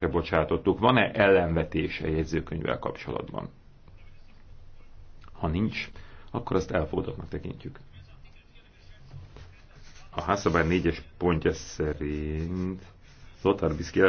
bocsátottuk. Van-e ellenvetés a jegyzőkönyvvel kapcsolatban? Ha nincs, akkor azt elfogadottnak tekintjük. A házszabály négyes pontja szerint Lothar Biszki